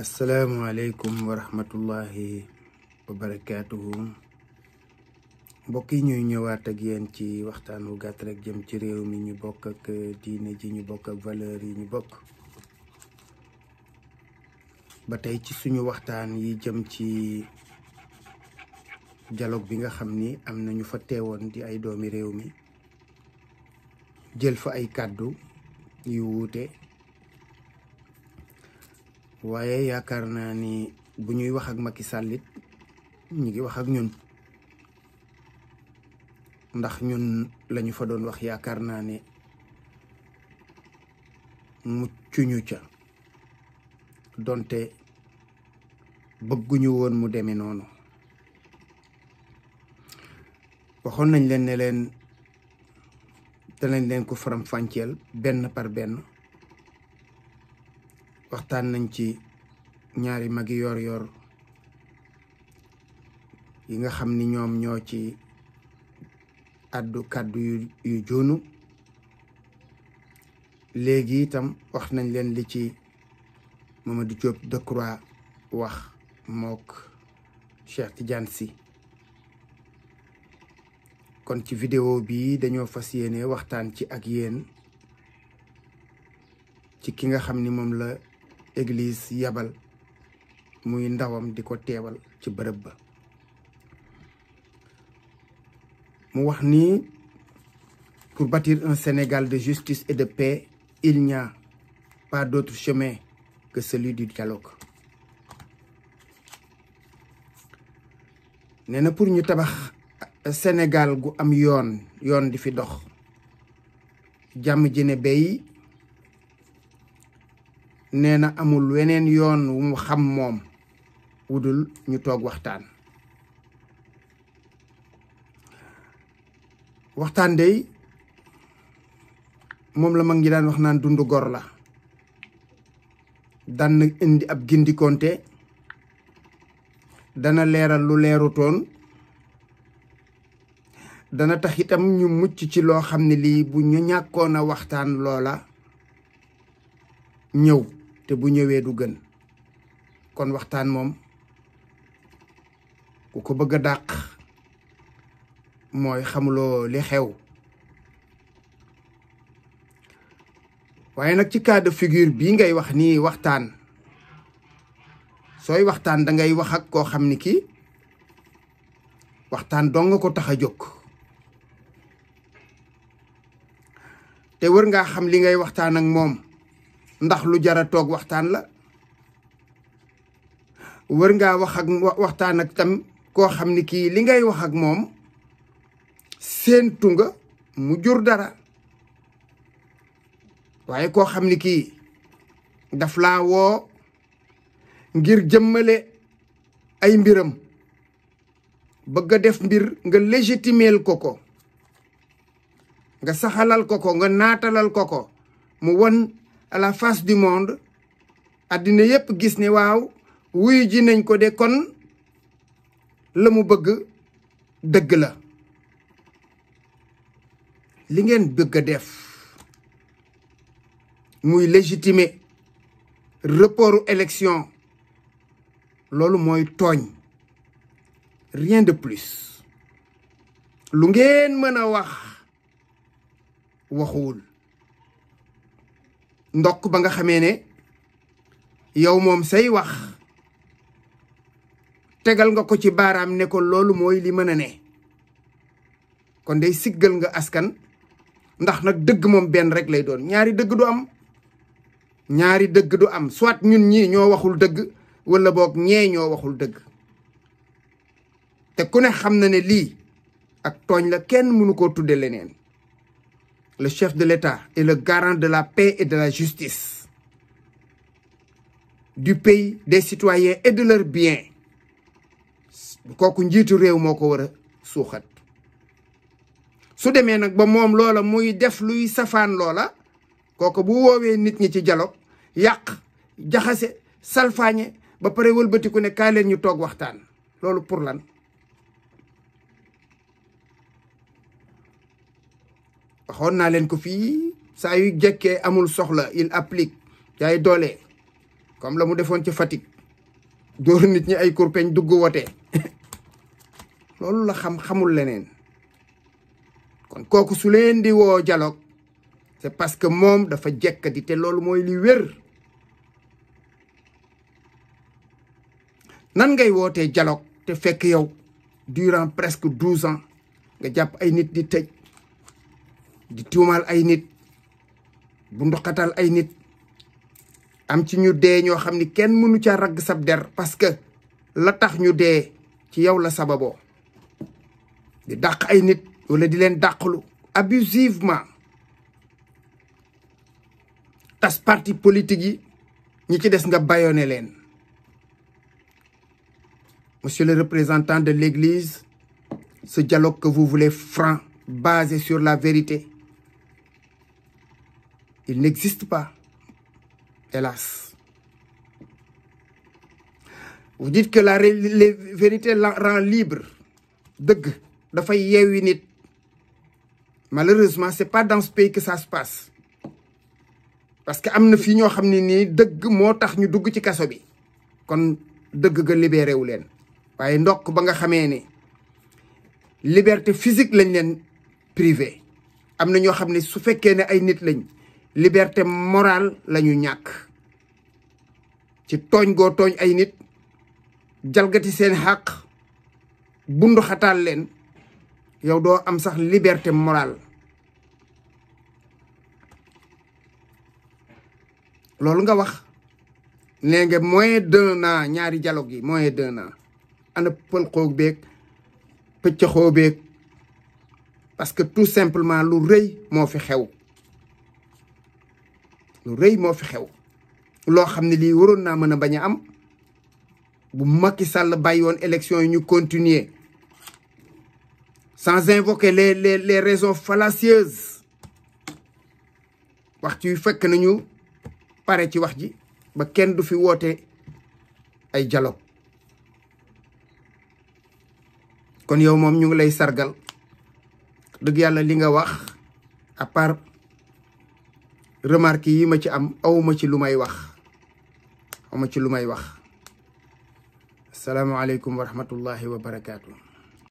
asalaamualeykum wa rahmatullahi wa barakaatuhu mbokk yi ñuy ñëwaat ak yéen ci waxtaan wu gàtt rek jëm ci réew mi ñu bokk ak diine ji ñu bokk ak valeur yi ñu bokk ba tey ci suñu waxtaan yi jëm ci dialogue bi nga xam ni am na ñu fa teewoon di ay doomi réew mi jël fa ay kàddu yu wuute waaye yaakaar naa ni bu ñuy wax ak Macky sàllit it ñu ngi wax ak ñun ndax ñun lañu fa doon wax yaakaar naa ne muccuñu ca doonte bëgguñu woon mu demee noonu waxoon nañ leen ne leen danañ leen ko faram-fàcceel benn par benn waxtaan nañ ci ñaari magi yor-yor yi nga xam ni ñoom ñoo ci addu kàddu yu yu léegi itam wax nañ leen li ci Mamadou Diop Decroix wax mook Cheikh Tidiane Sy kon ci vidéo bi dañoo fas yéene waxtaan ci ak yéen ci ki nga xam ni moom la église yabal muy ndawam di ko teewal ci bërëb ba mu wax ni pour bâtir un Sénégal de justice et de paix il n'y a pas d'autre chemin que celui du dialogue nee na pour ñu tabax Sénégal gu am yoon yoon di fi dox jàmm ji ne bay nee na amul weneen yoon wu xam moom wudul ñu toog waxtaan waxtaan dey moom la mag ngi daan wax naan dundu gor la daan indi ab gindikonte dana leeral lu leerutoon dana tax itam ñu mucc ci loo xam ne lii bu ñu ñàkkoon a waxtaan loola ñëw te bu ñëwee du gën kon waxtaan moom ku ko bëgg a dàq mooy xamuloo li xew waaye nag ci cas de figure bii ngay wax nii waxtaan sooy waxtaan da ngay wax ak koo xam ni kii waxtaan dong ko tax a jóg te wër ngaa xam li ngay waxtaan ak moom ndax lu jara toog waxtaan la wër ngaa wax ak waxtaan ak tam koo xam ni kii li ngay wax ak moom séentu nga mu jur dara waaye koo xam ni kii daf laa woo ngir jëmmale ay mbiram bëgg a def mbir nga légitimeel ko ko nga saxalal ko ko nga naatalal ko ko mu won à la face du monde àddina yépp gis ne waaw wuyu ji nañ ko de kon la mu bëgg dëgg la li ngeen bëgg a def muy légitimer reportu élection loolu mooy tooñ rien de plus lu ngeen mën a wax waxuwul ndokk ba nga xamee ne yow moom say wax tegal nga ko ci baaraam ne ko loolu mooy li mën a ne kon day siggal nga askan ndax nag dëgg moom benn rekk lay doon ñaari dëgg du am ñaari dëgg du am soit ñun ñii ñoo waxul dëgg walla boog ñee ñoo waxul dëgg te ku ne xam na ne lii ak tooñ la kenn mënu koo tuddee leneen le chef de l'État est le garant de la paix et de la justice du pays, des citoyens et de leurs biens kooku njiitu réew moo ko war a suuxat su demee nag ba moom loola muy def luy safaan loola kooku bu woowee nit ñi ci dialogue yàq jaxase salfaañe ba pare wëlbatiku ne kaay leen ñu toog waxtaan loolu pour lan waxoon naa leen ko fii saa yu jekkee amul soxla il applique yaay doole comme la mu defoon ci Fatick dóor nit ñi ay kurpeñ dugg woote loolu la xam xamul leneen kon kooku su leen di woo dialogue c'est parce que moom dafa jekk di te loolu mooy li wér nan ngay woote jaloog te fekk yow durant presque douze ans nga jàpp ay nit di tëj di tuumaal ay nit bu ndoxatal ay nit am ci ñu dee ñoo xam ni kenn mënu ca ragg sab der parce que la tax ñu dee ci yow la sababo di daq ay nit wala di leen dàqlu abusivement tas parti politique yi ñi ci des nga bayone leen monsieur le représentant de l'Église su dialogue que vous franc basé sur la vérité Il n'existe pas, hélas. Vous dites que la vérité rend libre. dëgg dafay yewi nit. Malheureusement, c'est pas dans ce que ça se passe. Parce que amna fi ño xamni ni deug mo tax ñu dugg ci kaso bi. Kon dëgg ga libéré wu len. Waye ba nga xamee ni liberté physique lañ len privé. Am na ñoo xam xamni su fekkee ne ay nit lañ liberté morale lañu ñu ñàkk ci tooñ goo tooñ ay nit jalgati seen xàq bundu xataal leen yow doo am sax liberté morale loolu nga wax nee nga moins ñaari dialogue yi moins d'un an ana pëlxoog pëccëxoo beeg parce que tout simplement lu rëy moo fi xew rëy moo fi xew loo xam ne lii waroon naa mën a baña am bu Macky sàll bàyyi woon élection yi ñu continuer sans invoquer les les les raisons fallacieuses waxtu yu fekk nañu pare ci wax ji ba kenn du fi woote ay dialogue kon yow moom ñu ngi lay sargal dëgg yàlla li nga wax à part remarque yii ma ci am awma ci lu may wax awma ci lu may wax asalaamaaleykum wa rahmatullahi wa barakaatu